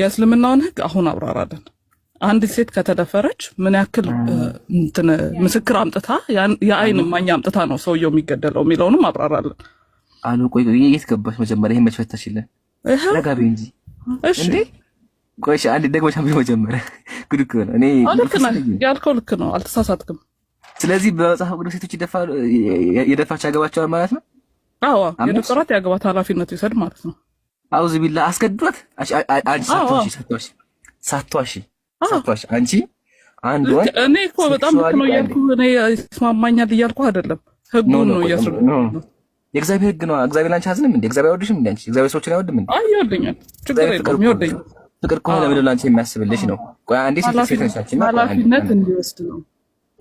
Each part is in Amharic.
የእስልምናውን ህግ አሁን አብራራለን። አንድ ሴት ከተደፈረች ምን ያክል ምስክር አምጥታ የአይን ማኛ አምጥታ ነው ሰውየው የሚገደለው የሚለውንም አብራራለን። አሉ ቆይ ቆይ፣ የት ገባሽ? መጀመሪያ ይህ መች ፈታሽልን? ረጋቢ እንጂ እሺ። ቆይ አንድ ደግሞሽ አንብቢ መጀመሪያ። ጉድ እኮ ነው። እኔ ያልከው ልክ ነው፣ አልተሳሳትክም። ስለዚህ በመጽሐፍ ቅዱስ ሴቶች ይደፋሉ፣ የደፋች ያገባቸዋል ማለት ነው። አዎ የደፈራት ያገባት ኃላፊነቱ ይውሰድ ማለት ነው። አውዝ ቢላ አስገድዷት። ሳቷሽ ሳቷሽ አንቺ አንድ ወንድ እኔ እኮ በጣም ነው እያልኩ እኔ ይስማማኛል እያልኩ አይደለም። ህጉ ነው እያስረዳ የእግዚአብሔር ህግ ነው። እግዚአብሔር ላንቺ አዝንም እንዴ? እግዚአብሔር አይወድሽም እንዴ? እግዚአብሔር ሰዎችን አይወድም እንዴ? አይ ይወደኛል፣ ችግር የለም ይወደኛል። ፍቅር ከሆነ ለምንድን ነው የሚያስብልሽ ነው። ቆይ አንዴ ሴት ሴት ነሻችን ኃላፊነት እንዲወስድ ነው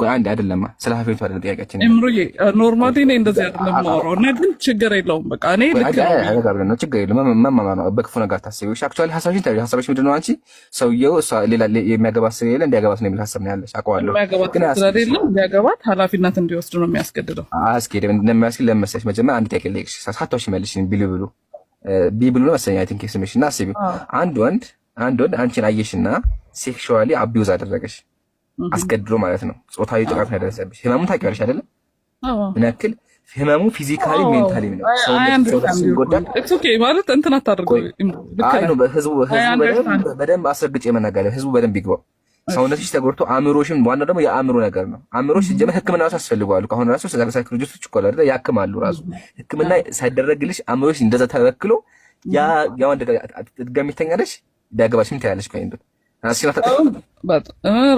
ቆይ አንድ አይደለም ስለ ሀፌቱ አይደለም ጥያቄያችን እምሩዬ ኖርማሊ እኔ እንደዚህ አይደለም የማወራው እና ግን ችግር የለውም በቃ እኔ ልክ ነው ችግር የለውም መማማር ነው በክፉ ነገር አታስቢው እሺ አክቹዋሊ ሀሳብሽን ታዲያ ሀሳብሽ ምንድን ነው አንቺ ሰውዬው እሷ ሌላ የሚያገባት ስለሌለ እንዲያገባት ነው የሚል ሀሳብ ነው ያለሽ አውቀዋለሁ ግን ስለሌለ እንዲያገባት ሀላፊነት እንዲወስድ ነው የሚያስገድደው አያስኬድም እንደሚያስኬድ ለመሰለሽ መጀመሪያ አንድ ጥያቄ ልጠይቅሽ ሳታውሽ መልሽ ቢሉ ብሉ ቢ ብሉ ነው መሰለኝ አይ ቲንክ ስሜሽ እና አስቢ። አንድ ወንድ አንድ ወንድ አንቺን አየሽና ሴክሹዋሊ አቢውዝ አደረገሽ አስገድሎ ማለት ነው። ጾታዊ ጥቃት ነው ያደረሰብሽ። ህመሙን ታውቂዋለሽ አይደለም? ምን ያክል ህመሙ ፊዚካሊ ሜንታሊ ነው። ሰውነት ሲጎዳል ማለት እንትን አታደርገው ህዝቡ በደንብ አስረግጬ መናገር ህዝቡ በደንብ ይግባው። ሰውነትሽ ተጎድቶ አእምሮሽም፣ ዋና ደግሞ የአእምሮ ነገር ነው። አእምሮሽ ጀመር ህክምና ራሱ ያስፈልገዋል። ከአሁን ራሱ ሳይኮሎጂስቶች እኮ አይደለ ያክማሉ። ራሱ ህክምና ሳይደረግልሽ አእምሮሽ እንደዛ ተበክሎ ያ ያው ድጋሚ ትተኛለሽ፣ ዳግባሽም ትያለሽ ከይንዱት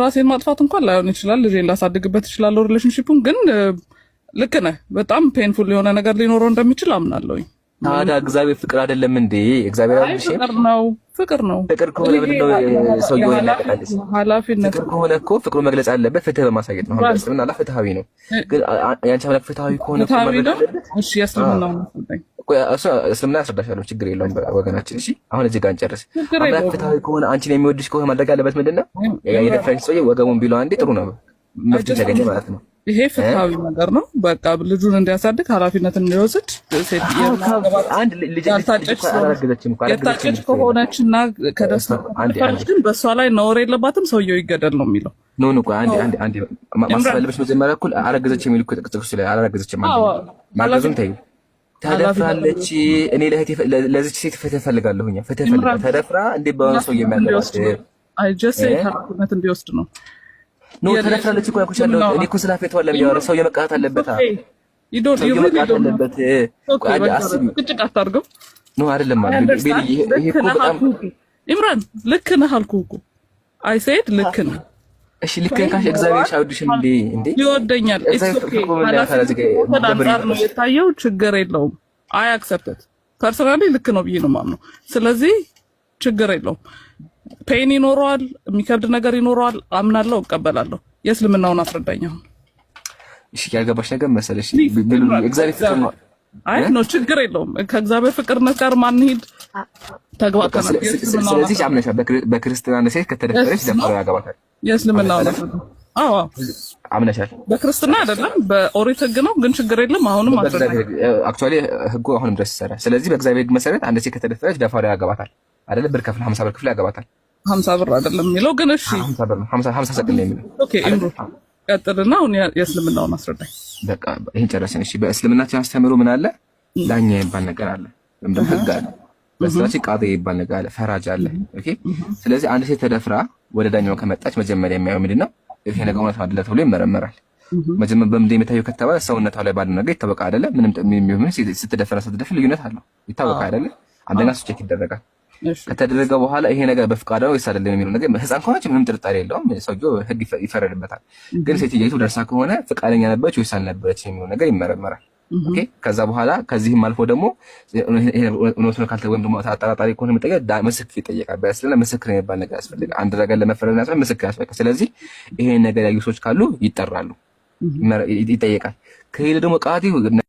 ራሴን ማጥፋት እንኳን ላይሆን ይችላል። ልጄን ላሳድግበት ይችላለሁ። ሪሌሽንሽፑን ግን ልክ ነህ፣ በጣም ፔንፉል የሆነ ነገር ሊኖረው እንደሚችል አምናለሁ። ታዲያ እግዚአብሔር ፍቅር አይደለም እንዴ? እግዚአብሔር ፍቅር ነው። ፍቅር ነው። ፍቅር ከሆነ ምንድነው ሰውየው ኃላፊነት ፍቅር ከሆነ እኮ ፍቅሩ መግለጽ አለበት፣ ፍትህ በማሳየት ነው። ፍትሃዊ ነው። ግን የአንቺ አምላክ ፍትሃዊ ከሆነ ፍትሃዊ ነው። እሺ ያስልምና ነው እስልምና ያስረዳሻለሁ። ችግር የለውም ወገናችን። እሺ አሁን እዚህ ጋር እንጨርስ። አምላክ ፍትሐዊ ከሆነ አንቺን የሚወድሽ ከሆነ ማድረግ አለበት ምንድን ነው የደፈረሽ ሰውዬ ወገቡን ቢለው አንዴ ጥሩ ነው፣ መፍትሄ ያገኘ ማለት ነው። ይሄ ፍትሃዊ ነገር ነው። በቃ ልጁን እንዲያሳድግ ኃላፊነትን እንዲወስድ የታጨች ከሆነች እና ከደስታች ግን በእሷ ላይ ነውር የለባትም ሰውየው ይገደል ነው የሚለው። ኖን እኮ ማስፈለበች መጀመሪያ እኩል አረገዘች የሚል ጥቅሶች ላይ አላረገዘችም ማገዙን ተይው ተደፍራለች። እኔ ለዚች ሴት ፍትህ እፈልጋለሁ። ፍትህ ተደፍራ እንዴት በሆነ ሰው የሚያለባት እንዲወስድ ነው። ኖ ተደፍራለች እኮ ያልኩሽ እኔ እኮ ስላፌቷ ለሚያወራ ሰው የመቃት አለበት። ሰው የመቃት አለበት። አታርገው። ኖ አይደለም ማለት ይሄ እኮ በጣም ኢምራን ልክ ነህ አልኩህ እኮ አይ ሴድ ልክ ነህ እሺ ልክ ነካሽ። እግዚአብሔር ሻውድሽም እንዴ እንዴ ይወደኛል። አንጻር ነው የታየው። ችግር የለውም። አይ አክሰፕትድ ፐርሰናሊ ልክ ነው ብዬ ነው የማምነው። ስለዚህ ችግር የለውም። ፔን ይኖረዋል፣ የሚከብድ ነገር ይኖረዋል። አምናለሁ፣ እቀበላለሁ። የእስልምናውን አስረዳኝ አሁን። እሺ ያልገባሽ ነገር መሰለሽ እግዚአብሔር ነው። አይ ነው ችግር የለውም። ከእግዚአብሔር ፍቅርነት ጋር ማንሄድ ተግባብተናል። ስለዚህ አምነሻ በክርስትና ሴት ከተደፈረች ደፋራ ያገባታል። የእስልምና ነው። አዎ አምነሻል። በክርስትና አይደለም በኦሪት ህግ ነው። ግን ችግር የለም። አሁንም አክቹዋሊ ህጉ አሁንም ድረስ ይሰራል። ስለዚህ በእግዚአብሔር ህግ መሰረት አንድ ሴት ከተደፈረች ደፋሪ ያገባታል አይደለም። ብር ከፍል ሀምሳ ብር ክፍል ያገባታል። ሀምሳ ብር አይደለም የሚለው ግን እሺ፣ ሀምሳ ሰቅል ነው የሚለው። ኦኬ ኢምሮ ቀጥልና አሁን የእስልምናውን አስረዳኝ። በቃ ይህን ጨረስን። እሺ በእስልምናችን አስተምሮ ምን አለ? ዳኛ የሚባል ነገር አለ ወይም ደግሞ ህግ አለ በስራች ቃ ይባል ነገር አለ፣ ፈራጅ አለ። ኦኬ። ስለዚህ አንድ ሴት ተደፍራ ወደ ዳኛው ከመጣች መጀመሪያ የሚያየው ምንድን ነው? ይሄ ነገር እውነት አይደለ ተብሎ ይመረመራል። መጀመሪያ በምንድን የሚታየው ከተባለ ሰውነቷ ላይ ባለው ነገር ይታወቃል አይደለ? ምንም የሚሆን ስትደፍር ስትደፍር ልዩነት አለው ይታወቃል አይደለ? አንደኛ እሱ ቼክ ይደረጋል። ከተደረገ በኋላ ይሄ ነገር በፍቃድ ነው ወይስ አይደለም የሚለው ነገር ህፃን ከሆነች ምንም ጥርጣሬ የለውም፣ ሰውዬው ህግ ይፈረድበታል። ግን ሴትዮቱ ደርሳ ከሆነ ፍቃደኛ ነበረች ወይስ አልነበረች የሚለው ነገር ይመረመራል። ኦኬ ከዛ በኋላ ከዚህም አልፎ ደግሞ እውነት ነው ካልተ ወይም ደግሞ አጠራጣሪ ከሆነ መጠቀ ምስክር ይጠየቃል። ስለዚህ ምስክር የሚባል ነገር ያስፈልጋል። አንድ ነገር ለመፈረድ ያስፈልጋል፣ ምስክር ያስፈልጋል። ስለዚህ ይሄን ነገር ያዩ ሰዎች ካሉ ይጠራሉ፣ ይጠየቃል። ከሄለ ደግሞ ቃቲ